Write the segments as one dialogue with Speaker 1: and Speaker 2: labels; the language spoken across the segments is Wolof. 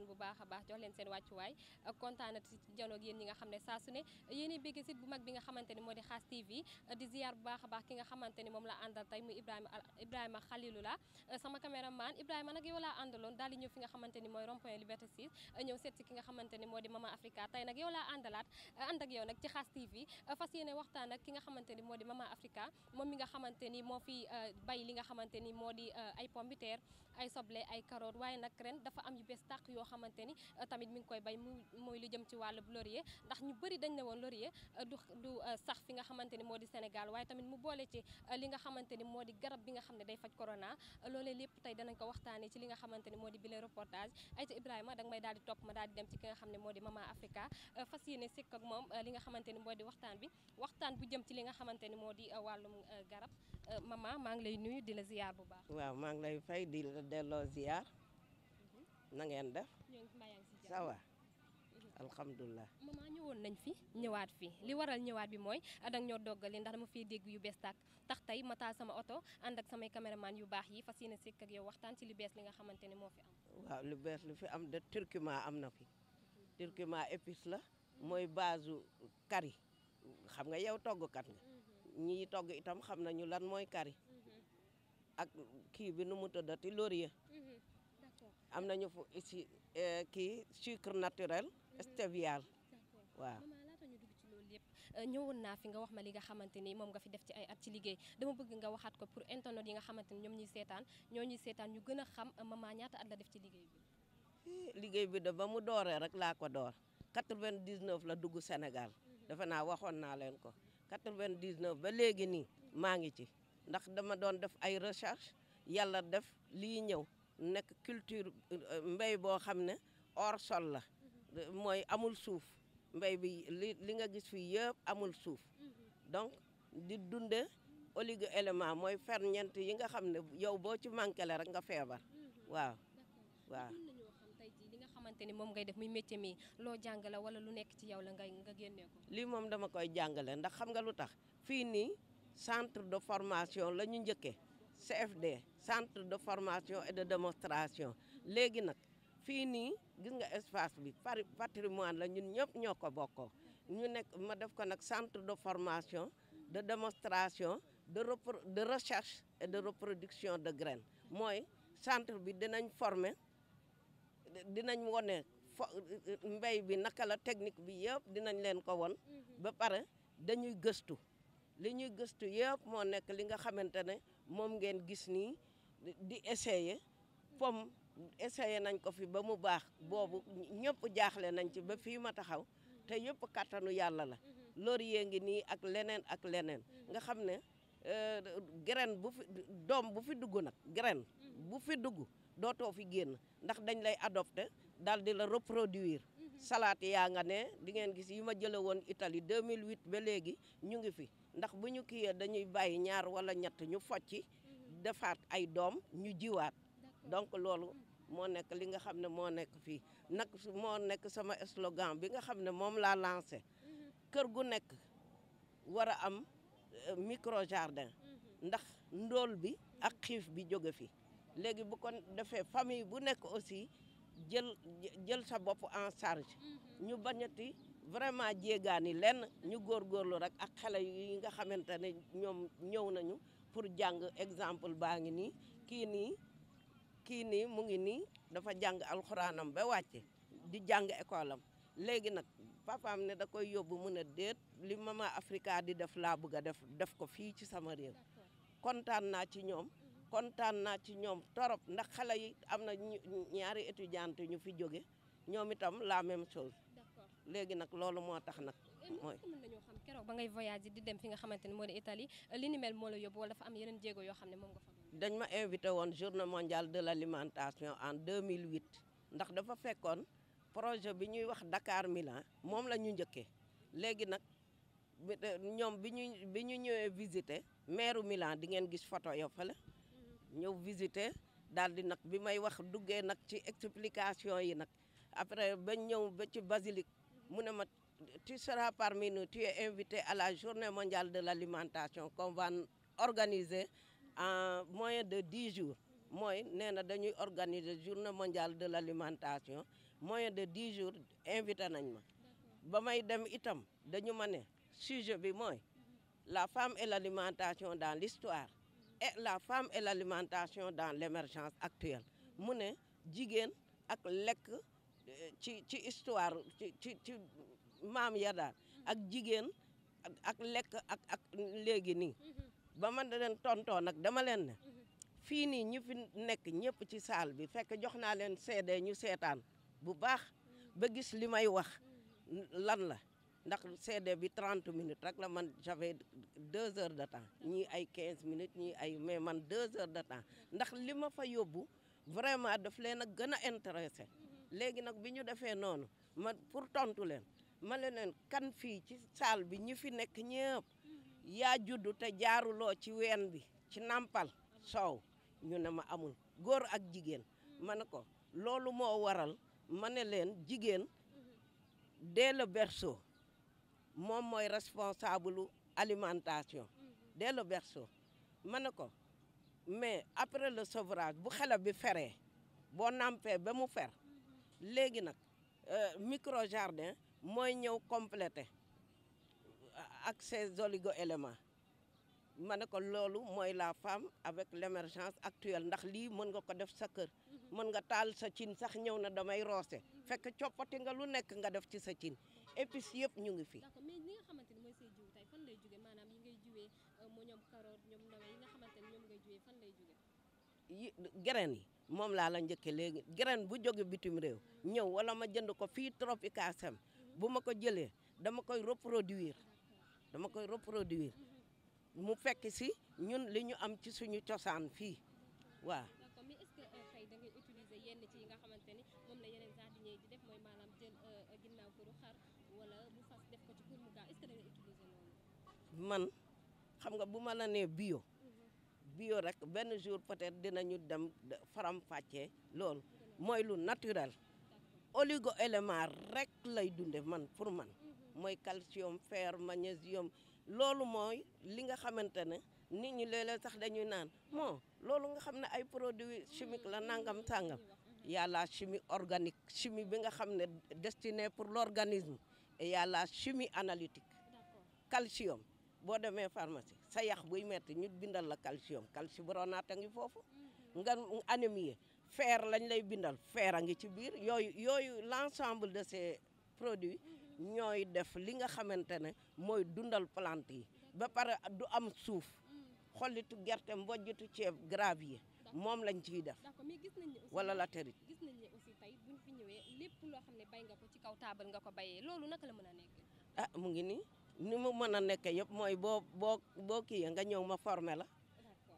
Speaker 1: leen bu baax a baax jox leen seen wàccuwaay ak kontaanat ci dialogue yéen ñi nga xam ne saa su ne yéen bu mag bi nga xamante ni moo di xaas TV di ziar bu a baax la sama caméraman Ibrahima nag yow nag yow laa àndalaat ànd ak yow nag ci xaas TV fas yéene waxtaan ak ki nga xamante moo di Mama Africa moom mi nga xamante moo fi euh, bay li nga xamante moo di euh, ay pombiteer ay soble ay carotte waaye nag ren dafa am yu bees tàq xamante ni euh, tamit mi ngi koy bay mu mooy lu jëm ci wàllu laurier ndax ñu bëri dañ ne woon laurier euh, du du euh, sax fi nga xamante ni moo di Sénégal waaye tamit mu boole ci li nga xamante moo di garab bi nga xam ne day faj corona loolee lépp tey danañ ko waxtaanee ci li nga xamante ni moo di bile reportage ay ta Ibrahima danga may daal topp ma daal di dem ci ki nga xam ne moo di Mama Africa fas yi ne sëkk ak moom li nga xamante ni moo di waxtaan bi waxtaan bu jëm ci li nga xamante ni moo di wàllum garab Mama maa ngi lay nuyu di la ziar bu baax
Speaker 2: waaw maa ngi lay fay di la delloo mhm. ngeen def ça va alhamdulilah.
Speaker 1: maman ñëwoon nañ fi ñëwaat fi li waral ñëwaat bi mooy danga ñoo doggali ndax dama fee dégg yu bees tàkk tax tey ma taal sama oto ànd ak samay caméraman yu baax yi fas yéene sekk ak yow waxtaan si li bees li nga xamante ne moo fi am.
Speaker 2: waaw lu bees lu fi am de turkima am na fi turkima épice la mooy baasu kari xam nga yow toggkat nga mhm. ñii togg itam xam nañu lan mooy kari mhm. ak kii bi nu mu tëddati laurier am na nañu fu ici eh, kii sucre naturel stevia waaw.
Speaker 1: lépp eh, ñëwoon naa fi nga wax ma li nga xamante ni moom nga fi def ci ay at ci liggéey dama bëgg nga waxaat ko pour internet yi nga xamante ni ñoom ñuy seetaan ñoo ñuy seetaan ñu gën a xam eh, maman ñaata at la def ci liggéey
Speaker 2: bi. liggéey bi da ba mu dooree rek laa ko door 99 la dugg Sénégal defe naa waxoon naa leen ko vingt 99 ba léegi nii maa ngi ci ndax dama doon def ay recherche yàlla def lii ñëw. nekk culture euh, mbéy boo xam ne hors sol la mooy amul suuf mbéy bi li nga gis fii yëpp amul suuf donc di dunde oligo élément mooy ferñeent yi nga xam ne yow boo ci manqué la rek nga feebar waaw waaw
Speaker 1: tey jii nga xamante ni moom ngay def muy métier mi loo jàngale wala lu nekk ci yow la ngay nga génne ko
Speaker 2: lii moom dama koy jàngale ndax xam nga lu tax fii nii centre de formation la ñu njëkkee CFD centre de formation et de démonstration léegi nag fii nii gis nga espace bi patrimoine la ñun ñëpp ñoo ko bokkoo ñu nekk ma def ko nag centre de formation de démonstration de de recherche et de reproduction de graines mooy centre bi dinañ former dinañ wone fo bi naka la technique bi yëpp dinañ leen ko won mhm. ba pare dañuy gëstu li ñuy gëstu yëpp moo nekk li nga xamante ne moom ngeen gis nii di essayer pomme essayer nañ ko fi ba mu baax boobu ñëpp jaaxle nañ ci ba fii ma taxaw te yëpp kàttanu yàlla la laurier ngi nii ak leneen ak leneen nga xam ne euh, graine bu fi doom bu fi dugg nag graine bu fi dugg dootoo fi génn ndax dañ lay adopté daal di la reproduire mhm. salaat yaa nga ne di ngeen gis yi ma jële woon itali Italie 2008 ba léegi ñu ngi fi ndax bu ñu kiyee dañuy bàyyi ñaar wala ñett ñu focci defaat ay doom ñu jiwaat donc loolu moo nekk li nga xam ne moo nekk fii nag moo nekk sama slogan bi nga xam ne moom laa lancé mhm. kër gu nekk war a am euh, micro jardin mhm. ndax ndool bi ak xiif bi jóge fi léegi bu ko defee famille bu nekk aussi jël jël sa bopp en charge mhm. ñu bañati vraiment jéegaani lenn ñu góor góorgóorlu rek ak xale yi nga xamante ne ñoom ñëw nañu pour jàng exemple baa ngi nii kii nii kii nii mu ngi nii dafa jàng alxuraanam ba wàcce di jàng école am léegi nag papaam ne da koy yóbbu mu ne déet li mama Africa di def laa bëgg a def def ko fii ci sama réew kontaan naa ci ñoom kontaan naa ci ñoom torop ndax xale yi am na ñaari étudiante ñu fi jóge ñoom itam la même chose léegi nag loolu moo tax nag. mooy
Speaker 1: nañoo xam keroog ba ngay voyage di dem fi nga xamante ni moo di Italie li ni moo la yóbbu wala dafa am yeneen jéego yoo xam ne moom nga fa.
Speaker 2: dañ ma invité woon journée mondiale de l' alimentation en 2008 ndax dafa fekkoon projet bi ñuy wax Dakar Milan moom la ñu njëkkee léegi nag eh, ñoom bi ñu bi ñu ñëwee visité maire Milan di ngeen gis photo yo fale mhm. ñëw visité daal di nag bi may wax duggee nag ci explication yi nag après ba ñëw ba ci basilique. mu ne ma tu seras parmi nous tu es invité à la journée mondiale de l'alimentation qu'on va organiser en moyen de dix jours mooy nee na dañuy organiser journée mondiale de l'alimentation moyen de dix jours invité nañ ma ba may dem itam dañu ma ne sujet bi mooy la femme et l'alimentation dans l'histoire et la femme et l'alimentation dans l'émergence actuelle mu ne jigéen ak lekk ci ci histoire ci ci ci maam ya ak jigéen ak lekk ak ak léegi nii ba man da leen tontoo nag dama leen ne fii nii ñu fi nekk ñëpp ci saal bi fekk jox naa leen seede ñu seetaan bu baax ba gis li may wax lan la ndax seede bi trente minutes rek la man j'avais deux heures de temps ñii ay 15 minutes ñii ay mais man deux heures de temps ndax li ma fa yóbbu vraiment daf leen a gën a intéressé léegi nag bi ñu defee noonu ma pour tontu leen ma ne leen kan fii ci saal bi ñi fi nekk ñëpp yaa juddu te jaaruloo ci ween bi ci nampal soow ñu ne ma amul góor ak jigéen ma ne ko loolu moo waral ma ne leen jigéen dès le berceau moom mooy responsable alimentation dès le berceau ma ne ko mais après le sevrage bu xale bi feree boo nampee ba mu fer léegi nag euh, micro jardin mooy ñëw complété ak ces oligo éléments ma ne ko loolu mooy la femme avec l' émergence actuelle ndax lii mën nga ko def sa kër mën nga taal sa cin sax ñëw na damay roose fekk coppati nga lu nekk nga def ci sa cin épices yëpp ñu ngi fi. Euh,
Speaker 1: yi nga xamante ñoom ngay jiwee fan lay jóge.
Speaker 2: yi graines yi moom laa la njëkkee léegi grande bu jóge bitim réew ñëw wala ma jënd ko fii Tropica Sem bu ma ko jëlee dama koy reproduire dama koy reproduir mu fekk si ñun li ñu am ci suñu cosaan fii waaw. d'accord
Speaker 1: mais euh, nga xamante ni euh,
Speaker 2: euh, man xam nga bu ma la nee bio. bio rek benn jour peut-être dinañu dem faram-fàccee loolu mooy lu naturel oligo élément rek lay dunde man pour man mooy calcium fer magnésium loolu mooy li nga xamante ne nit ñi léeg-léeg sax dañuy naan moo loolu nga xam ne ay produits chimiques la nangam sàngam y a organique chimie bi nga xam ne destinée pour l'organisme et y la chimie analytique calcium boo demee pharmacie sa yax buy metti ñu bindal la calcium calcibronate a ngi foofu nga anémie fer lañ lay bindal feer a ngi ci biir yooyu yooyu l'ensemble de ces produit ñooy def li nga xamante ne mooy dundal plante yi ba pare du am suuf xollitu gerte mbojjitu ceeb gravier moom lañ ciy def
Speaker 1: wala latérite gis nañ lépp loo xam ne bay nga ko ci kaw taabal nga ko bayee loolu naka la mën a nekk
Speaker 2: ah mu ngi nii ni mu mën a nekk yëpp mooy boo boo boo kii nga ñëw ma formé la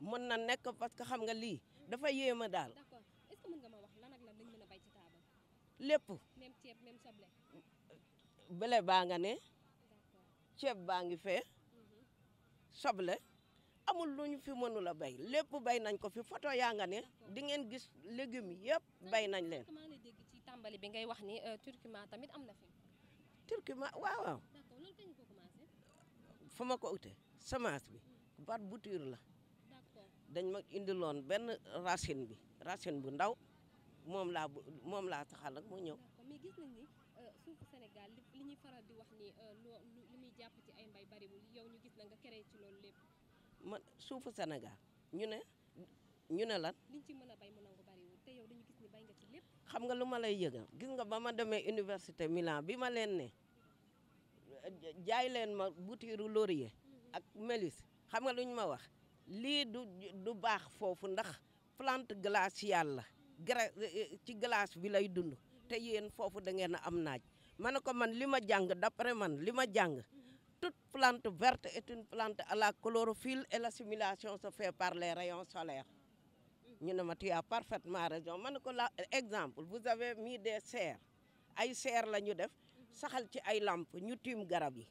Speaker 2: mën na nekk parce que xam nga lii dafa yéem a daal.
Speaker 1: nga ma wax lan a bay lépp. même ceeb même soble.
Speaker 2: bële baa nga ne. ceeb baa ngi fee. Mhm. soble amul lu ñu fi mënul a bay lépp bay nañ ko fi photo yaa nga ne di ngeen gis légumes yëpp bay nañ leen.
Speaker 1: maa ngi ci tàmbali bi ngay wax ni euh, turkima tamit am na fi.
Speaker 2: turkima waaw fa ma ko ute semence bi bat buture la dañ ma indi loon benn racine bi racine bu ndaw moom laa moom laa taxal ak mu ñëw.
Speaker 1: mais euh, suufu Sénégal li ñuy faral di wax ni euh, jàpp ñu nga créé ci loolu
Speaker 2: suufu Sénégal ñu ne ñu ne lan.
Speaker 1: liñ ci mën a bay mu nangu te yow dañu gis
Speaker 2: ni bay nga ci lépp. xam nga lu ma lay yëgal gis nga ba ma demee université Milan bi ma leen ne. jaay leen ma butiiru laurier ak melis xam nga lu ma wax lii du baax foofu ndax plante glaciale la gra eh, eh, ci glace bi lay dund te yéen foofu da ngeen a am naaj ma ne ko man li ma jàng d'après man li ma jàng toute plante verte et une plante à la chlorophylle et l'assimilation se fait par les rayons solaires ñu ne ma tu as parfaitement raison ma ne ko la exemple vous avez mi des serres ay serres la ñu def saxal ci ay làmp ñu tiim garab yi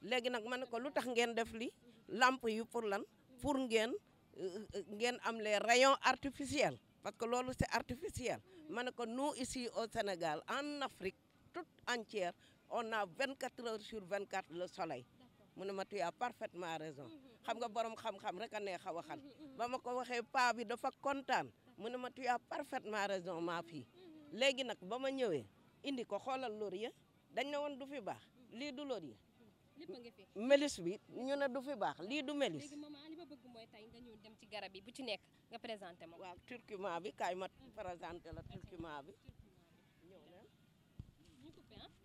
Speaker 2: léegi nag ma ne ko lu tax ngeen def li làmp yi pour lan pour ngeen euh, ngeen am les rayons artificiels parce que loolu c'est artificiel ma ne ko nous ici au Sénégal en Afrique toute entière on na 24 heures sur 24 le soleil mu ne ma tu parfaitement raison xam nga borom xam-xam rek a neex a waxal ba ma ko waxee paa bi dafa kontaan mu ne ma tu as parfaitement raison maa fii léegi nag ba ma ñëwee. indi ko xoolal laurier dañ ne woon du fi baax lii du laurier
Speaker 1: lépp nga fi melis
Speaker 2: bi ñu ne du fi baax lii du melis. léegi
Speaker 1: maman li ma bëgg mooy tey nga ñëw dem ci garab yi bu ci nekk nga présenté ma. waaw
Speaker 2: curcuma bi kaay ma présenté la curcuma bi.
Speaker 1: ñëw na ñu coupé ah. mooy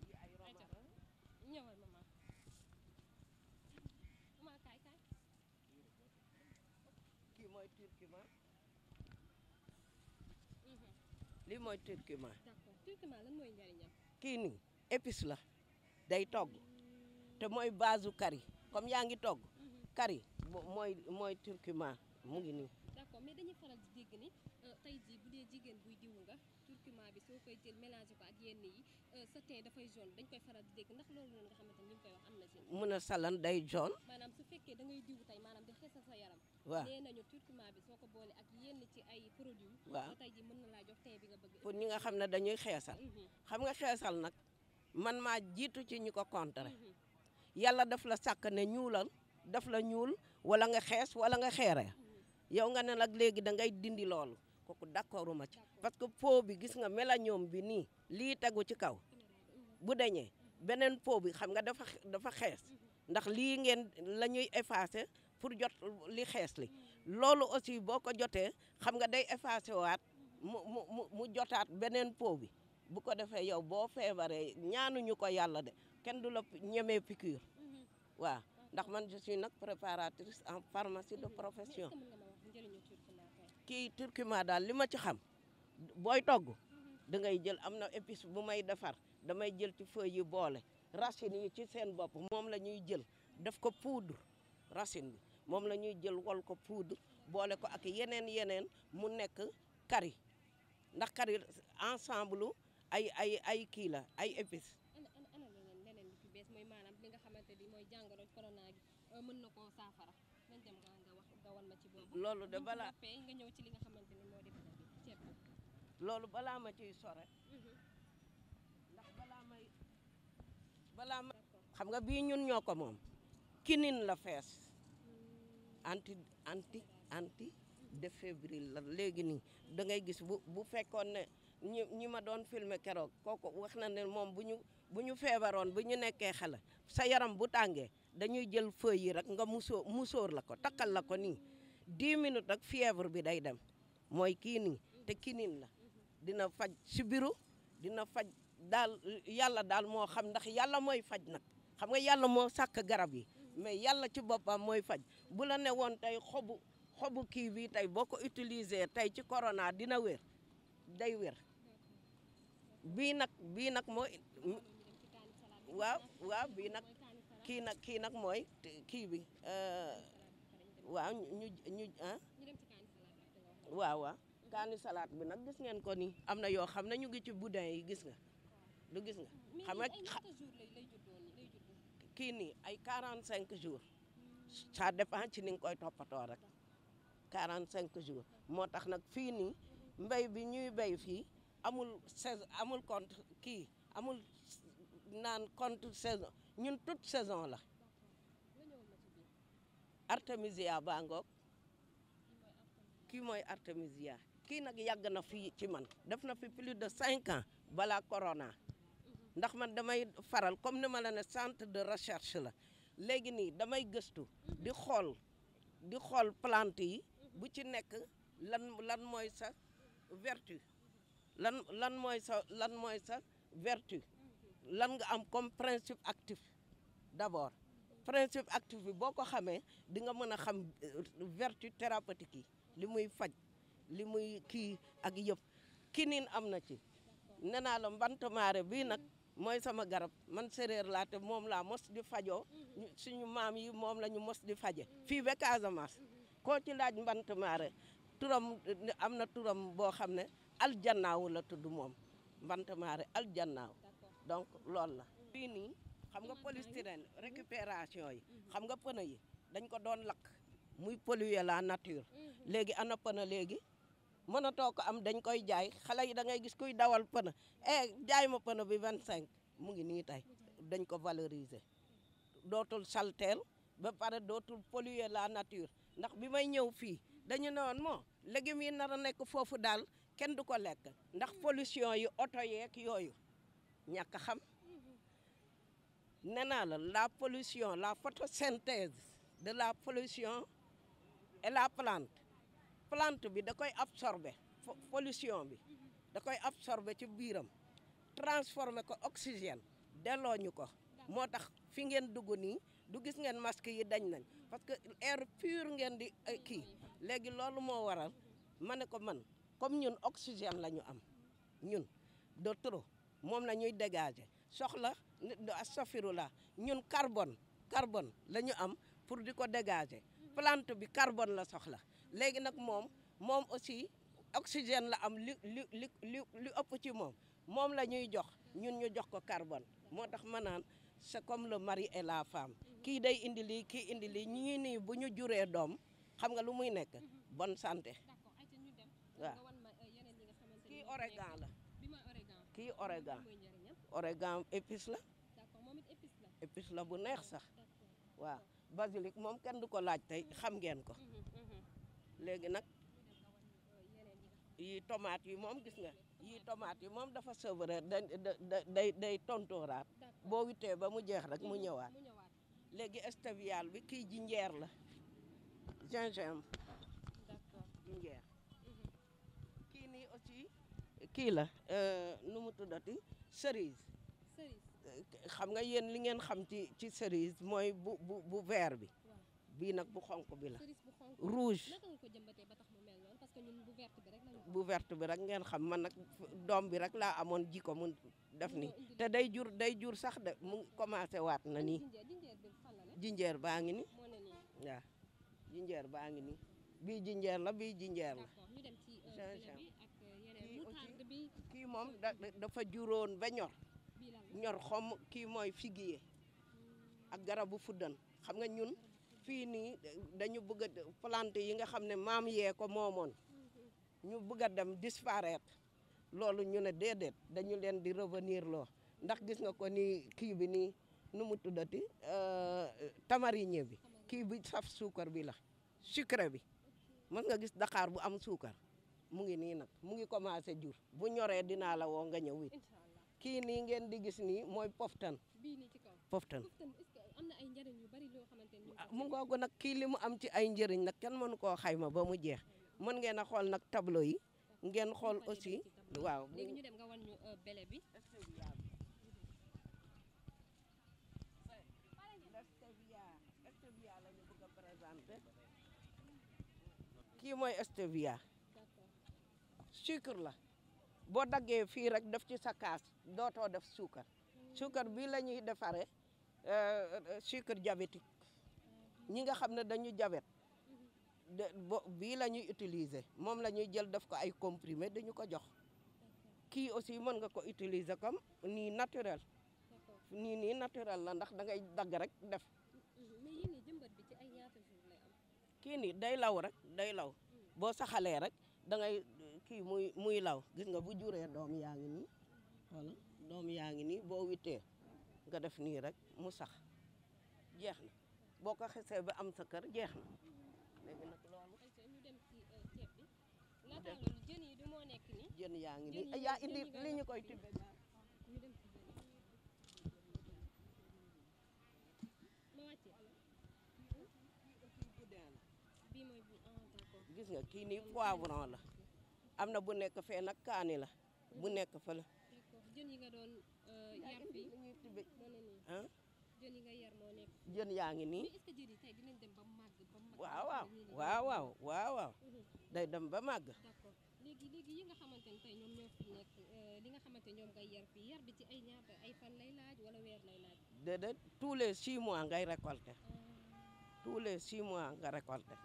Speaker 2: lii mooy curcuma.
Speaker 1: d'accord curcuma mooy njariñam.
Speaker 2: kii nii épice la day togg te mooy base kari comme yaa ngi togg. kari mhm. mooy mooy curcuma mu ngi ni
Speaker 1: d'accord mais dañuy faral di ni euh, tey jii bu jigéen buy diwu nga. curcuma bi soo koy jël euh, sa teint dafay jaune dañ koy faral di dégg na ci. a
Speaker 2: salan day jaune.
Speaker 1: su fekkee da tey maanaam yaram. waaw nee nañu bi soo ko boole ak yenn ci ay produits. waaw mën na laa jox teint bi nga
Speaker 2: bëgg. pour ñi nga xam ne dañuy xeesal. Mhm. xam nga xeesal nag man maa jiitu ci ñu ko contrer. Mhm. yàlla daf la sàkk ne ñuulal daf la ñuul wala nga xees wala nga xeere mhm. yow nga ne nag léegi da ngay dindi loolu kooku d'accorduma ci parce que pot bi gis nga ñoom bi nii lii tegu ci kaw bu dañee beneen pot bi xam nga dafa dafa xees ndax lii ngeen la ñuy effacer pour jot li xees li loolu aussi boo ko jotee xam nga day effacer waat mu mu mu jotaat beneen pot bi bu ko defee yow boo feebaree ñaanuñu ko yàlla de kenn du la ñemee piqûre mm-hmm. waaw ndax man je suis nag préparatrice en pharmacie de profession kii turkiment daal li ma ci xam booy togg da ngay jël am na épice bu may defar damay jël ci feuilles yi boole racines yi ci seen bopp moom la ñuy jël def ko poudre racine bi moom la ñuy jël wol ko poudre boole ko ak yeneen yeneen mu nekk kari ndax kari ensemble ay ay ay kii la ay épices.
Speaker 1: ana ana leneen li ci bees mooy maanaam li nga xamante di mooy jàngoro corona gi mën na koo saafara. loolu de balaa nga ñëw ci li
Speaker 2: loolu balaa ma ciy sore mhm. ndax xam nga bii ñun ñoo ko moom kinin la fees anti anti anti défébrile la léegi nii dangay gis bu bu fekkoon ne ñi ma doon filmer keroog kooku wax na ne moom bu ñu bu ñu feebaroon bu ñu nekkee xale sa yaram bu tàngee dañuy jël feuilles yi rek nga musóor musóor la ko takkal la ko nii dix minutes ak fièvre bi day dem mooy kiini te kinin la dina faj sibiru dina faj daal yàlla daal moo xam ndax yàlla mooy faj nag xam nga yàlla moo sàkk garab yi mais yàlla ci boppam mooy faj bu la ne woon tey xobu xobu kii bi tey boo ko utiliser tey ci corona dina wér day wer bii nag bii nag moo waaw waaw bii nag kii nag kii nag mooy kii bi euh, waaw ñu ñu ah. ñu kaani salaat bi nag gis ngeen ko ni am na yoo xam ne ñu ngi ci boudin yi gis nga. du gis nga xam nga kii nii ay cinq jours ça dépend ci ni nga koy toppatoo rek cinq jours moo tax nag fii nii mbay bi ñuy béy fii amul saison amul contre kii amul naan contre saison ñun toute saison la. Artemisia baa ngoog kii mooy Artemisia kii nag yàgg na fii ci man def na fi plus de cinq an balaa corona ndax man damay faral comme ni ma la ne centre de recherche la léegi nii damay gëstu di xool di xool plante yi bu ci nekk lan lan mooy sa vertu lan lan mooy sa lan mooy sa vertu lan nga am comme principe actif d'abord principe active boo ko xamee di nga mën a xam euh, vertu thérapeutique yi li muy faj li muy kii ak yëpp kinin am na ci nee naa la mbantamaare bii nag mooy sama garab man séréer laa te moom laa mos di suñu maam yi moom la mos di faje fii ba Casamance ko ci laaj mbantamaare turam am na turam boo xam ne aljannaawu la tudd moom mbantamaare aljannaaw donc loolu la fii nii xam nga polystyrène mm-hmm. récupération yi mm-hmm. xam nga pneu yi dañ ko doon lakk muy polluer la nature mm-hmm. léegi ana pneu léegi mën a too ko am dañ koy jaay xale yi da ngay gis kuy dawal pneu eh jaay ma pneu bi vingt cinq mu ngi nii tey dañ ko valoriser dootul salteel ba pare dootul polluer la nature ndax bi may ñëw fii dañu ne woon moo légumes yi nar a nekk foofu daal kenn du ko lekk ndax pollution yi oto yeeg yooyu ñàkk xam ne naa la la pollution la photosynthèse de la pollution et la plante plante bi da koy absorber pollution bi da koy absorber ci biiram transformer ko oxygène delloo ñu ko moo tax fii ngeen dugg nii du gis ngeen masque yi dañ nañ parce que air pur ngeen di kii léegi loolu moo waral ma ne ko man comme ñun oxygène la ñu am ñun de trop moom la ñuy dégager soxla astafirullah ñun carbon carbon la ñu am pour di ko dégager plante bi carbone la soxla léegi nag moom moom aussi oxygène la am li li li li ci moom moom la ñuy jox ñun ñu jox ko carbon moo tax ma naan c'est comme le mari et la femme kii day indi lii kii indi lii ñu ngi nii bu ñu juree doom xam nga lu muy nekk mhm. bon santé waaw euh, kii origan la kii origan origan la épice la bu neex sax waaw basilic moom kenn du ko laaj tey xam ngeen ko léegi nag yi tomate yi moom gis nga yi tomate yi moom dafa sevrer day day tontooraat boo witee ba mu jeex rek mm-hmm. mu ñëwaat léegi estavial bi kii ji njeer la gingembre njeer mm-hmm. kii nii aussi kii la euh, nu mu tuddati cerise xam nga yéen li ngeen xam ci ci cerise mooy bu bu bu bi. bii nag bu xonq bi la.
Speaker 1: rouge bu
Speaker 2: vert bi rek ngeen xam man nag doom bi rek laa amoon ji ko mun def ni te day jur day jur sax de mu commencé waat na ni jinjeer baa ngi ni waaw baa ngi nii bii jinjeer la bii jinjeer la.
Speaker 1: ñu euh,
Speaker 2: euh, kii moom dafa juróon ba ñor. ñor xom kii mooy figuier ak garabu fuddan xam nga ñun fii nii dañu bëgg a plante yi nga xam ne maam yee ko moomoon ñu bëgg a dem disparaître loolu ñu ne déedéet dañu leen di revenir loo ndax gis nga ko ni kii bi nii nu mu tuddati euh, tamarine bi kii bi saf suukar bi la sucre bi mën nga gis Dakar bu am suukar mu ngi nii nag mu ngi commencé jur bu ñoree dinaa la woo nga ñëw it kii nii ngeen di gis nii mooy poftan.
Speaker 1: bii nii ci poftan. am na ay njëriñ yu bari loo xamante ni. Ah, mu
Speaker 2: ngoogu nag kii li mu am ci ay njëriñ nag kenn mënu koo xayma ba mu jeex mën ngeen a xool nag tableau yi ngeen xool aussi. waaw ñu dem nga wan ñu euh, bele bi. stevia kii mooy stevia sucre la. boo daggee fii rek def ci sa kaas dootoo def suukar suukar bii la ñuy defaree euh, sucre diabétique ñi nga xam ne dañu jabet bii la ñuy utiliser moom la ñuy jël def ko ay comprimé dañu ko jox kii aussi mën nga ko utiliser comme nii naturel nii nii naturel la ndax da ngay dagg rek def kii nii day law rek day law boo saxalee rek da kii muy muy law gis nga bu juree doom yaa ngi nii doom yaa ngi nii boo wittee nga def nii rek mu sax jeex na boo ko xesee bi am sa kër jeex na
Speaker 1: léegi euh, yi du nekk
Speaker 2: nii. jën yaa ngi nii yaa indi li koy tibbee.
Speaker 1: gis nga kii nii poivron la.
Speaker 2: am na bu nekk fee nag kaani la bu nekk fa la.
Speaker 1: jën yi nga doon euh, yar fii ah.
Speaker 2: jën yaa ngi nii. est-ce
Speaker 1: que dem ba
Speaker 2: màgg mhm. day dem ba màgg.
Speaker 1: d'accord léegi léegi yi nga xamante euh, li nga xamante ñoom ngay yar fii yar
Speaker 2: bi les six mois ngay récolter. Ah. tous les six mois nga récolter.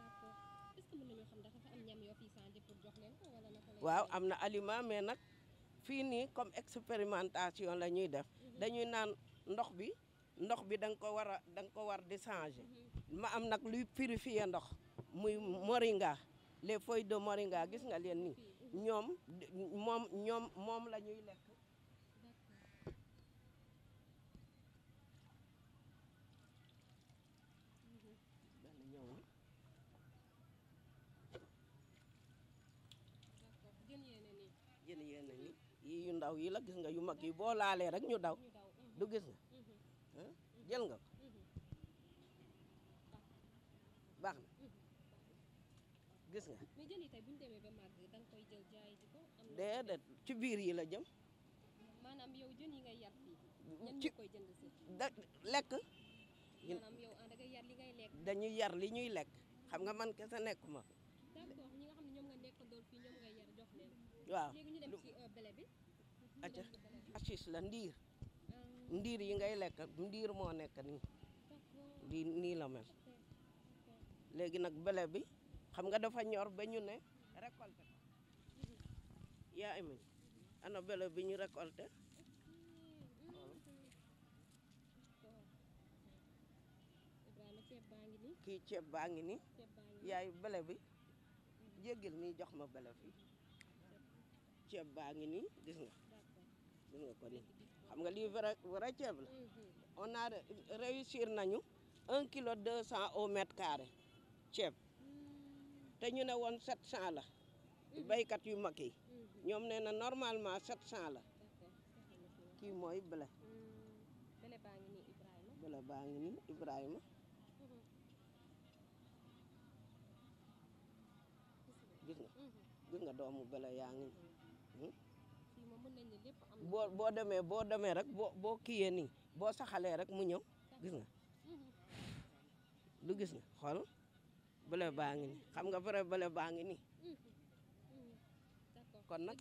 Speaker 2: waaw am na aliment mais nag fii nii comme expérimentation la ñuy def mhm. dañuy naan ndox bi ndox bi da nga ko war a da nga ko war di mhm. ma am nag luy purifier ndox muy moringa les feuilles de moringa gis nga leen ni mhm. ñoom moom ñoom moom la ñuy lekk ndaw yi la gis nga yu mag yi boo laalee rek ñu daw du gis nga jël nga baax na gis nga. mais biir yi la jëm.
Speaker 1: maanaam yow jën koy jënd
Speaker 2: da lekk. maanaam
Speaker 1: da ngay yar li
Speaker 2: dañuy yar li ñuy lekk xam nga man kese nekkuma.
Speaker 1: xam nekk doon waaw aca
Speaker 2: acis la ndiir ndiir yi ngay lekk ndiir moo nekk nii di nii la mel léegi nag bele bi xam nga dafa ñor ba ñu ne récolté ko yaa amuñ ana bele bi ñu récolté kii ceeb baa ngi ni yaay bele bi jéggil nii jox ma bele fi ceeb baa ngi nii gis nga dinañ ko di xam nga lii vrai vrai ceeb la mhm. on a réussir nañu un kilo deux cent au mètre carré ceeb mhm. te ñu ne woon sept cent la mhm. baykat yu mag yi ñoom nee na normalement sept cent la kii mooy blé
Speaker 1: hmm.
Speaker 2: blé baa ngi nii Ibrahima blé baa ngi gis nga gis nga doomu blé yaa ngi nii boo boo demee boo demee rek boo boo kiiyee nii boo saxalee rek mu ñëw gis nga lu gis nga xool bële baa ngi ni xam nga vrai bale baa ngi nii
Speaker 1: kon nag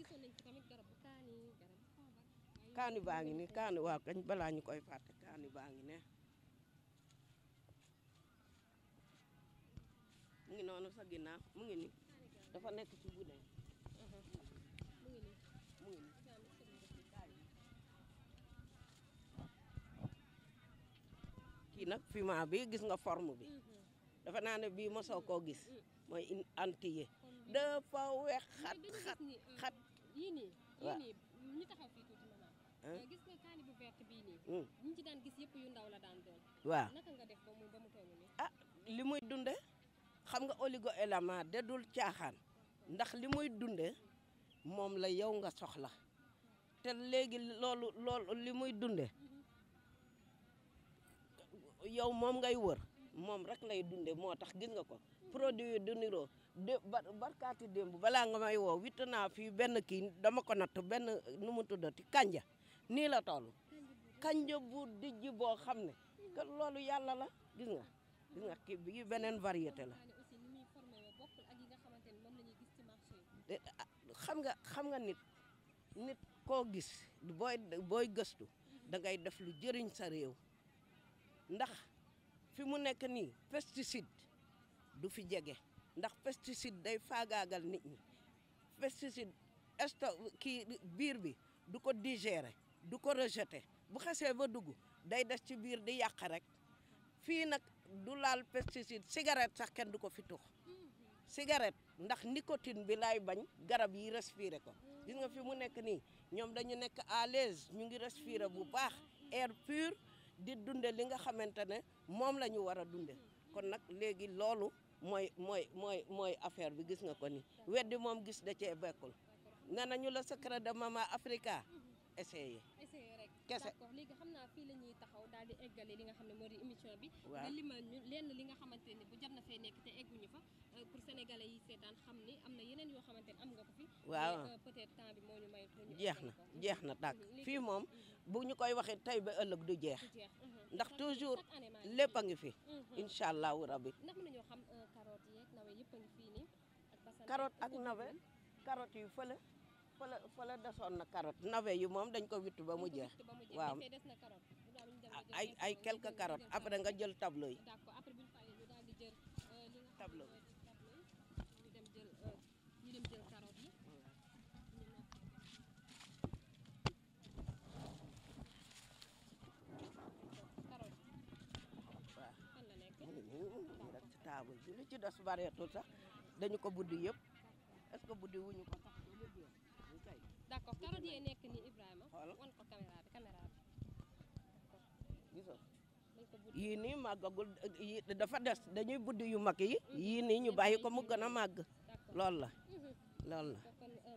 Speaker 1: kaani baa ngi ni kaani
Speaker 2: waaw kañ balaa ñu koy fàtte kaani baa ngi ne mu ngi noonu sa ginnaaw mu ngi ni dafa nekk ci bu kii nag fumier bi gis nga forme bi mm-hmm. dafa naa ne bii mosoo koo gis mm-hmm. mooy une antille mm-hmm. dafa weex xat xat xat ah li muy dunde xam nga oligo élément de dul caaxaan ndax li muy dunde moom la yow nga soxla te léegi loolu loolu li muy dunde yow moom ngay wër moom rek lay dunde moo tax gis nga ko produit yi niroo dé barkaati démb balaa nga may woo witt naa fii benn kii dama ko natt benn nu mu tuddati kanja nii la tool kanja bu dijj boo xam ne que loolu yàlla la gis nga gis nga kii bi beneen variété la xam nga xam nga nit nit koo gis booy gëstu da ngay def lu jëriñ sa réew ndax fi mu nekk nii pesticide du fi jege ndax pesticide day faagaagal nit ñi pesticide esto kii biir bi du ko digérer du ko rejeter bu xesee ba dugg day des ci biir di yàq rek fii nag du laal pesticide cigarette sax kenn du ko fi tux cigarette ndax nicotine bi laay bañ garab yi respirer ko gis nga fi mu nekk nii ñoom dañu nekk à l'aise ñu ngi respirer bu baax air pur di dunde li nga xamante ne moom la ñu war a dunde kon nag léegi loolu mooy mooy mooy mooy affaire bi gis nga ko ni weddi moom gis da cee bekkul ne nañu la secret de Mama Africa essayé
Speaker 1: kese d'accord léegi xam naa fii la ñuy taxaw daal di eggale li nga xam ne moo di émission bi waaw nga limal ñu li nga xamante ne bu jot na fee nekk te egguñu fa euh, pour sénégalais yi seetaan xam ni am na yeneen yoo xamante ne am nga ko fi euh, être temps bi moo ñu may jeex na
Speaker 2: jeex na tàkk fi moom mhm. bu ñu koy waxee tey ba ëllëg du jeex
Speaker 1: mhm. ndax toujours lépp a
Speaker 2: ngi fi mhm. incha allahu rabbi
Speaker 1: ndax na nañoo xam euh, carotte yeeg nawe yëpp a ngi fii nii carotte ak nawe
Speaker 2: carotte yu fële fële fële desoon na karoot navet yu moom dañ ko witt ba mu jeex waaw
Speaker 1: ay ay quelques karoot après nga jël tableau yi euh,
Speaker 2: tableau waaw euh, ci table bi lu ci des bareetul sax dañu ko buddi yëpp est-ce que buddi wuñu ko
Speaker 1: carotte nii Ibrahima.
Speaker 2: wan ko dafa des dañuy buddi yu mag yi. Mm-hmm. yii nii ñu bàyyi ko mu gën a màgg. lool la mm-hmm. loolu la.
Speaker 1: Euh,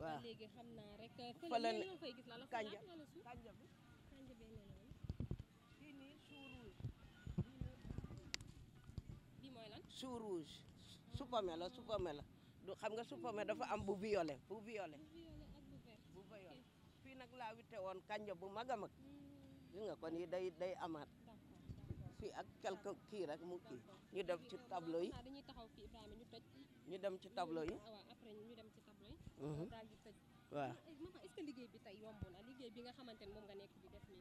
Speaker 1: waaw léegi xam naa rek. Euh, fële ne kanja kanja bi.
Speaker 2: la supame la du xam nga supame dafa am bu violet bu violet. laa woon kanja bu mag a mag gis nga day day amaat fii ak kii rek mu dem ci tableau yi
Speaker 1: dañuy taxaw fii Ibrahima ñu ñu dem ci tableau yi ah, dem ci tableau yi mhm. liggéey bi tey yomb liggéey bi nga xamante ne moom nga nekk di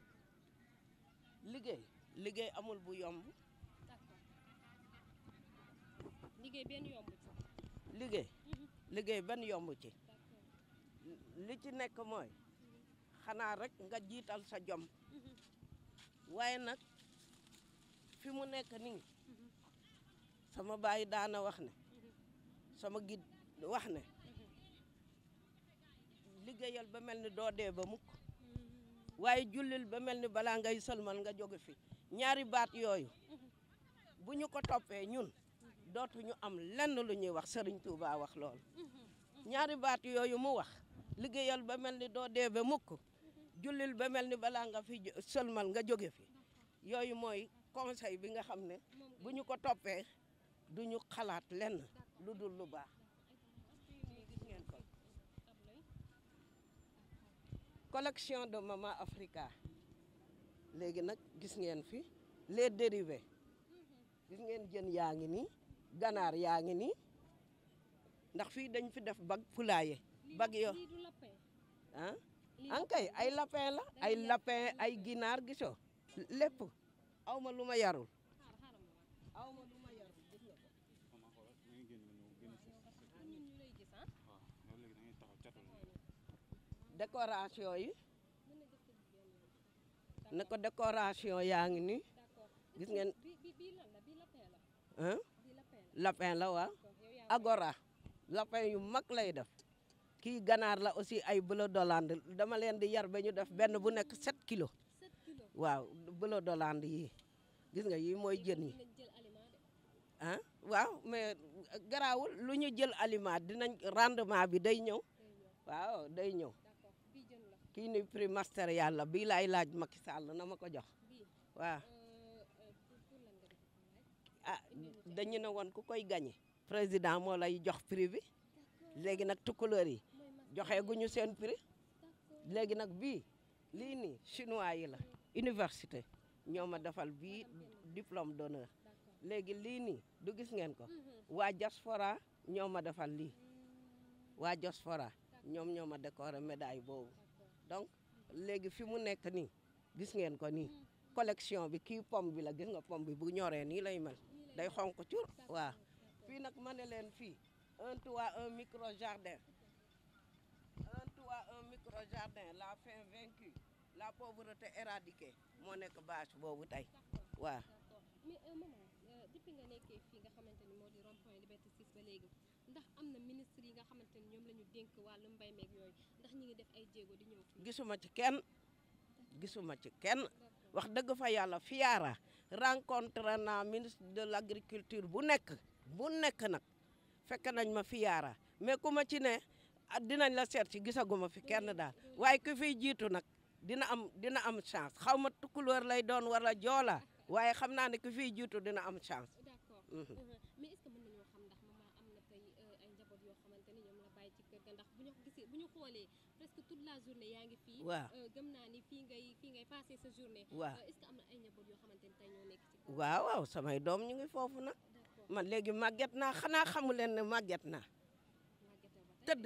Speaker 2: liggéey liggéey amul bu yomb
Speaker 1: liggéey benn yomb
Speaker 2: liggéey liggéey benn yomb ci mhm. li ci nekk mooy xanaa rek nga jiital sa jom waaye nag fi mu nekk nii sama baay daana wax ne sama gid wax ne liggéeyal ba mel ni doo dee ba mukk waaye jullil ba mel ni balaa ngay sëlmal nga jóge fi ñaari baat yooyu bu ñu ko toppee ñun dootuñu am lenn lu ñuy wax Serigne tuuba wax lool ñaari baat yooyu mu wax liggéeyal ba mel ni doo dee ba mukk jullil ba mel ni balaa nga fi sëlmal nga jóge fi yooyu mooy conseil bi nga xam ne bu ñu ko toppee du ñu xalaat lenn lu dul lu baax collection de Mama Africa léegi nag gis ngeen fi les dérivés gis ngeen jën yaa ngi nii ganaar yaa ngi nii ndax fii dañ fi def bag poulailler bag yoo ankay ay lapin la ay lapin ay ginaar gisoo lépp aw ma lu ma yarul
Speaker 1: aw ma lu yarul gis ko
Speaker 2: décoration yi ne ko yaa ngi nii gis ngeen ah lapin la waaw agora lapin yu mag lay def kii ganaar la aussi ay bleu d'Hollande dama leen di yar ba ñu def benn bu nekk 7 kilos waaw bleu d'Hollande yi gis nga yii mooy jën yi ah waaw mais garaawul lu ñu jël aliment dinañ rendement bi day ñëw waaw day ñëw kii ni prix master yàlla bii laay laaj Macky Sall na ma ko jox waaw euh,
Speaker 3: euh,
Speaker 2: ah dañu ne woon ku koy gagné président moo lay jox prix bi léegi nag tukkulóor yi joxe guñu seen prix léegi nag bii lii nii chinois yi la université ñoo ma defal bii diplôme d'honneur léegi lii nii du gis ngeen ko waa jaspora ñoo ma defal lii waa diaspora ñoom ñoo ma décoré médaille boobu donc léegi fi mu nekk nii gis ngeen ko nii collection bi kii pomme bi la gis nga pomme bi bu ñoree nii lay mel day xonk cur waaw fii nag ma leen fii un toit un micro jardin Agrojardin la faim vaincue la pauvreté éradiquée moo nekk bâche boobu tey waaw.
Speaker 1: mais euh, maman euh, nga nekkee fii nga xamante ni moo di rond point liberté ba léegi ndax am na ministre yi nga xamante ni ñoom lañu ñu dénk wàllu mbay meeg yooyu ndax ñi ngi def ay jéego di ñëw
Speaker 2: fii. gisuma ci kenn gisuma ci kenn wax dëgg fa yàlla fiyaara rencontre na ministre de l' agriculture bu nekk bu nekk nag fekk nañ ma fiyaara mais ku ci ne. Ah, dinañ la seet si gisaguma fi kenn daal waaye ku fiy jiitu nag dina am dina am chance xaw ma tukulóor lay doon wala joola waaye xam naa ne ku fiy jiitu dina am chance.
Speaker 1: d'accord mhm. euh, mais est-ce
Speaker 2: samay doom ñu ngi foofu nag. ma léegi màgget naa xanaa xamu leen ne màgget naa. tëdd.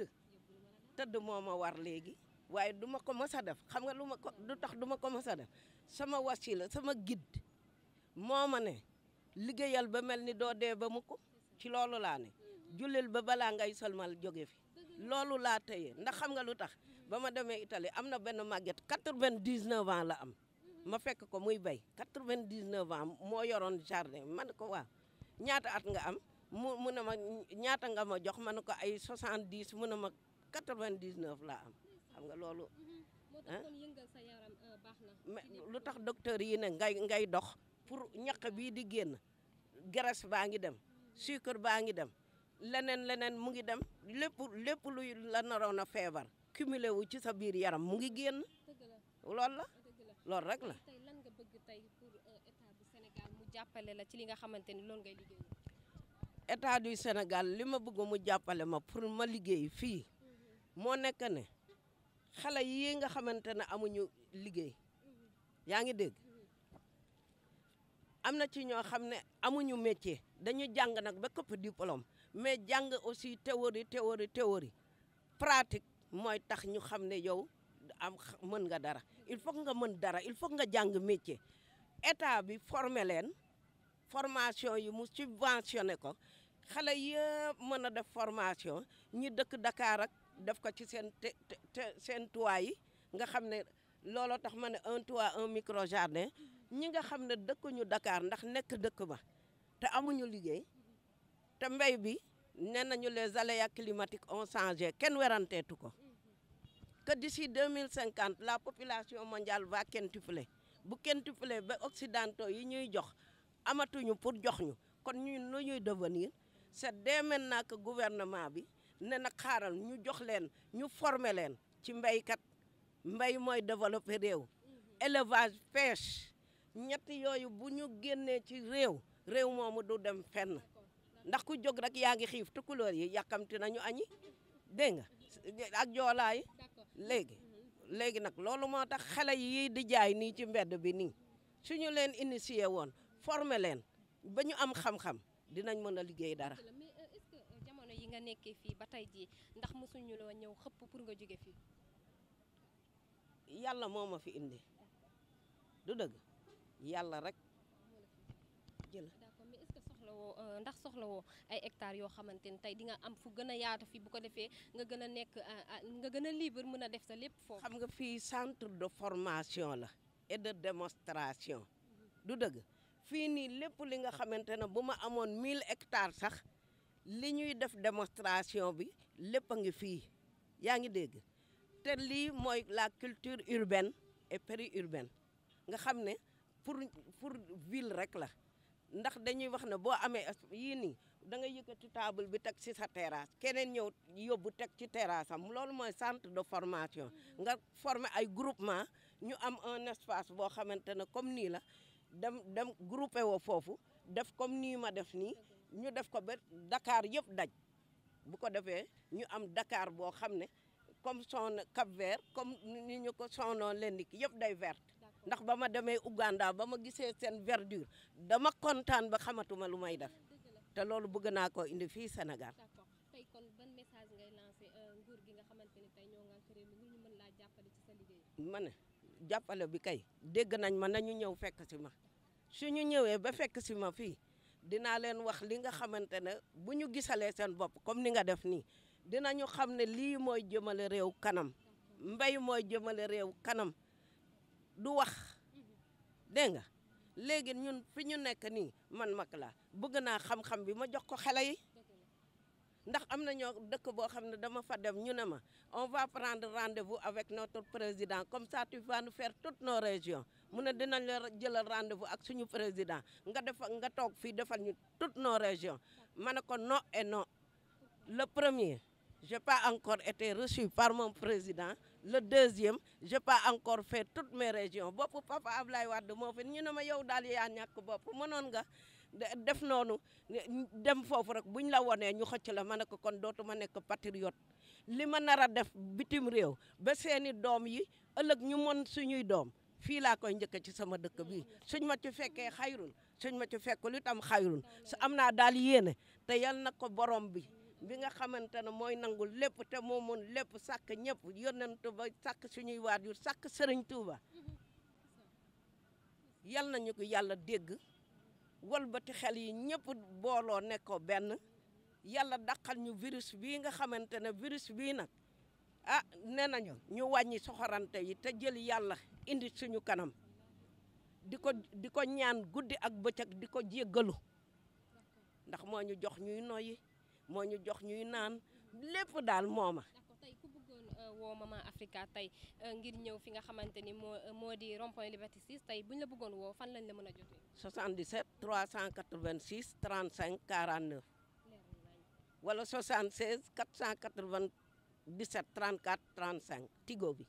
Speaker 2: da tëdd moo ma war léegi waaye du ma ko mës a def xam nga lu ma ko du tax du ma ko mës a def sama wasila sama guide moo ma ne liggéeyal ba mel ni doo dee ba mu ko ci loolu laa ne jullil ba balaa ngay ma jóge fi loolu laa teye ndax xam nga lu tax ba ma demee itali am na benn màgget quatre-vingt-dix-neuf ans la am ma fekk ko muy bay quatre-vingt-dix-neuf ans moo yoroon jardin man ko wa ñaata at nga am mu mu ma ñaata nga ma jox ma ne ko ay soixante-dix mu ne ma 99 laa am xam nga loolu.
Speaker 1: Mm-hmm. Euh, lu
Speaker 2: tax docteur yi ne ngay ngay dox pour ñaq bii di génn graisse baa ngi dem sucre baa ngi dem leneen leneen mu ngi dem lépp lépp lu la naroon a feebar cumulé wu ci sa biir yaram mu ngi génn. loolu la loolu rek la. tey
Speaker 1: tey euh, mu jàppale la ci li nga xamante ni loolu ngay liggéey.
Speaker 2: état du Sénégal li ma bëgg mu jàppale ma pour ma liggéey fii. moo nekk ne xale yii nga xamante ne amuñu liggéey yaa ngi dégg am na ci ñoo xam ne amuñu métier dañu jàng nag ba këpp diplôme mais jàng aussi théorie théorie théorie pratique mooy tax ñu xam ne yow am mën nga dara il faut nga mën dara il faut nga jàng métier état bi formé formation yi mu subventionné ko xale yëpp mën a def formation ñi dëkk Dakar def ko ci seen te yi nga xam ne looloo tax ma ne un toit un micro jardin ñi nga xam ne dëkkuñu Dakar ndax nekk dëkk ba te amuñu liggéey te mbéy bi nee nañu les aléas climatiques ont changé kenn weranteetu ko que d'ici deux mille cinquante la population mondiale va quintupler bu quintupler ba occidentaux yi ñuy jox amatuñu pour jox ñu kon ñu lu ñuy devenir c'est dès maintenant que gouvernement bi ne nag xaaral ñu jox leen ñu former leen ci mbéykat mbéy mooy développer réew élevage pêche ñetti yooyu bu ñu génnee ci réew réew moomu du dem fenn ndax ku jóg rek yaa ngi xiif ti tukulóor yi yàkkamti nañu añi dégg nga ak joolaay léegi léegi nag loolu moo tax xale yi di jaay nii ci mbedd bi nii suñu leen initier woon former leen ba ñu am xam-xam dinañ mën a liggéey dara
Speaker 1: nga nekkee fii ba tey jii ndax mosuñu loo ñëw xëpp pour nga jóge fii.
Speaker 2: yàlla moo ma fi indi du dëgg yàlla rek jël.
Speaker 1: d'accord soxla woo ce euh, que soxlawoo ay hectares yoo xamante ni tey di nga am fu gën a yaatu fii bu ko defee nga gën a nekk euh, euh, nga gën a libre
Speaker 2: mën a def sa lépp foofu. xam nga fii centre de formation la et de démonstration. Mhm. du dëgg fii nii lépp li nga xamante ne bu ma amoon mille ectare sax. li ñuy def démonstration bi lépp a ngi fii yaa ngi dégg te lii mooy la culture urbaine et périurbaine nga xam ne pour pour ville rek la ndax dañuy wax ne boo amee yii nii da nga yëkkati table bi teg ci sa terrasse keneen ñëw yóbbu teg ci terrasse am loolu mooy centre de formation nga former ay groupement ñu am un espace boo xamante ne comme nii la dem dem groupé woo foofu def comme nii ma def nii ñu def ko ba dakaar yëpp daj bu ko defee ñu am dakaar boo xam ne comme son Cap Vert comme ni ñu ko sonnoon leen di yépp day vert ndax ba ma demee Ouganda ba ma gisee seen verdure dama kontaan ba xamatuma lu may def te loolu bëgg naa ko indi fii Sénégal. d'accord
Speaker 1: tey euh, nga xamante ne tey
Speaker 2: ma ne jàppale bi kay dégg nañ ma nañu ñëw fekk si ma su ñu ñëwee ba fekk si ma fii. dinaa leen wax li nga xamante ne bu ñu gisalee seen bopp comme ni nga def nii dinañu xam ne lii mooy jëmale réew kanam mbay mooy jëmale réew kanam du wax dégg nga léegi ñun fi ñu nekk nii man mag laa bëgg naa xam-xam bi ma jox ko xale yi ndax am na ñoo dëkk boo xam ne dama fa dem ñu ne ma on va prendre rendez-vous avec notre président comme ça tu vas nous faire toutes nos régions mu ne dinañ la jëlal rendez ak suñu président nga def nga toog fii defal ñu toutes no régions ma ne ko no e no le premier je pas encore été reçu par mon président le deuxième je pas encore fait toutes mes régions bopp papa Ablaye Wade moo fi ñu ne ma yow daal yaa ñàkk bopp mënoon nga def noonu dem foofu rek buñ la wonee ñu xëcc la ma ne ko kon dootuma nekk patriote li ma nar a def bitim réew ba seeni doom yi ëllëg ñu mën suñuy doom fii laa koy njëkk ci sama dëkk bi suñ ma ci fekkee xayrun suñ ma ci fekkul itam am naa daal yéene te yal na ko borom bi bi nga xamante ne mooy nangu lépp te moo mun lépp sàkk ñëpp yonent ba sàkk suñuy waajur sàkk sëriñ Tuuba yal nañu ko yàlla dégg walbati xel yi ñëpp booloo nekkoo benn yàlla daqal ñu virus bi nga xamante ne virus bii nag ah nee nañu ñu wàññi soxorante yi te jël yàlla indi suñu kanam di ko di ko ñaan guddi ak bëccëg di ko jéggalu ndax moo ñu jox ñuy noyyi moo ñu jox ñuy naan lépp daal mooma
Speaker 1: tey euh, woo Maman Africa tey euh, ngir ñëw fi nga xamante ni moo euh, moo di rond-point Liberté 6 tey bu ñu la bëggoon woo fan lañ la mën a jotee.
Speaker 2: 77 386 35 49. wala 76 493 17 34 35 tigo bi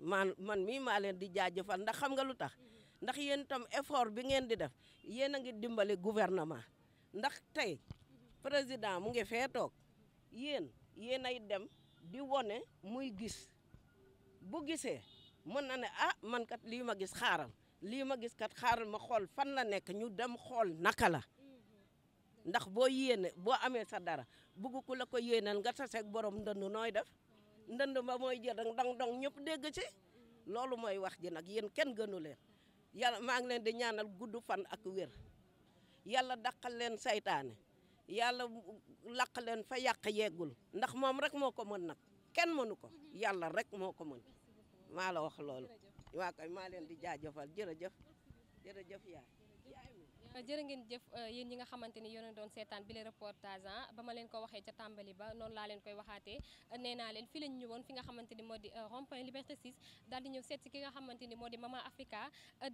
Speaker 2: man man mii maa leen di jaajëfal ndax xam nga lu tax ndax yéen itam effort bi ngeen di def yéen a ngi dimbale gouvernement ndax tey président mu ngi fee toog yéen yéen ay dem di wone muy gis bu gisee mën na ne ah man kat lii ma gis xaaral lii ma gis kat xaaral ma xool fan la nekk ñu dem xool naka la ndax boo yéene boo amee sa dara bugg ku la ko yéenal nga sa taseeg borom ndënd nooy def ndënd ba mooy jël dang dang dang ñëpp dégg ci loolu mooy wax ji nag yéen kenn gënu leen yàlla maa ngi leen di ñaanal gudd fan ak wér yàlla daqal leen saytaane yàlla laq leen fa yàq yeggul ndax moom rek moo ko mën nag kenn mënu ko yàlla rek moo ko mën maa la wax loolu waa kay maa leen di jaajëfal jërëjëf jërëjëf yaay
Speaker 1: Euh, jërë ngeen jëf euh, yéen ñi nga xamante ni yéen doon seetaan bi le reportage ah ba ma leen ko waxee ca tàmbali ba noonu laa leen koy waxaatee euh, nee naa leen fii lañ ñëwoon fi nga xamante ni moo di rond-point Liberté 6 daal ñëw seet si ki nga xamante ni moo di Mama Africa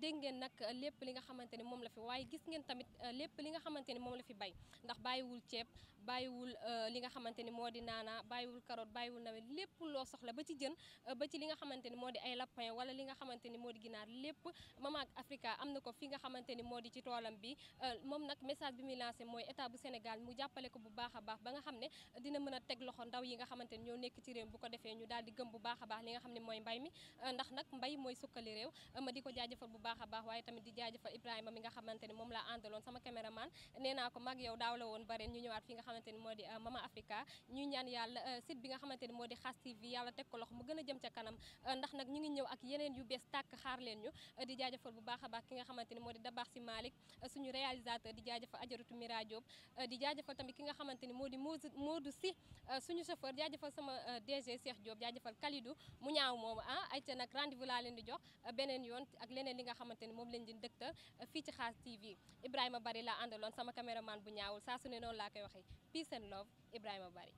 Speaker 1: dégg ngeen nag lépp li nga xamante ni moom la fi waaye gis ngeen tamit lépp li nga xamante ni moom la fi bay ndax bàyyiwul ceeb bàyyiwul euh, li nga xamante ni moo di naana bàyyiwul carotte bàyyiwul nawe lépp loo soxla ba ci jën euh, ba ci li nga xamante ni moo di ay lapin wala li nga xamante ni moo di ginaar lépp Mama ak Africa am na ko fi nga xamante ni moo di ci toolam bi euh, moom nag message bi muy lancé mooy état bu Sénégal mu jàppale ko bu baax a baax ba nga xam ne dina mën a teg loxo ndaw yi nga xamante ni ñoo nekk ci réew bu ko defee ñu daal di gëm bu baax a baax li nga xam ne mooy mbay mi ndax nag mbay mooy sukkali réew di ko jaajëfal bu baax baax waaye tamit di jaajëfal Ibrahima mi nga xamante ni moom laa àndaloon sama caméraman nee naa ko mag yow daaw la woon bare ñu ñëwaat xamante moo di euh, Mama Africa ñuy ñaan yàlla euh, site bi nga xamante ni moo di Khass TV yàlla teg ko mu gën a jëm ca kanam euh, ndax nag ñu ngi ñëw ak yeneen yu bees tàkk xaar leen ñu di jaajëfal bu baax a baax ki nga xamante ni moo di Dabax si suñu réalisateur di jaajëfal Ajaratu Mira Diop di jaajëfal tamit ki nga xamante ni moo di Modou si suñu chauffeur jaajëfal sama DG Cheikh Diop jaajëfal Kalidou mu ñaaw moom ah ayca nag rendez-vous laa leen di jox beneen yoon ak leneen li nga xamante ni moom leen di dëktal fii ci Khass TV a Bari laa àndaloon sama caméraman bu ñaawul saa su ne noonu laa koy waxee peace and love Ibrahima Bari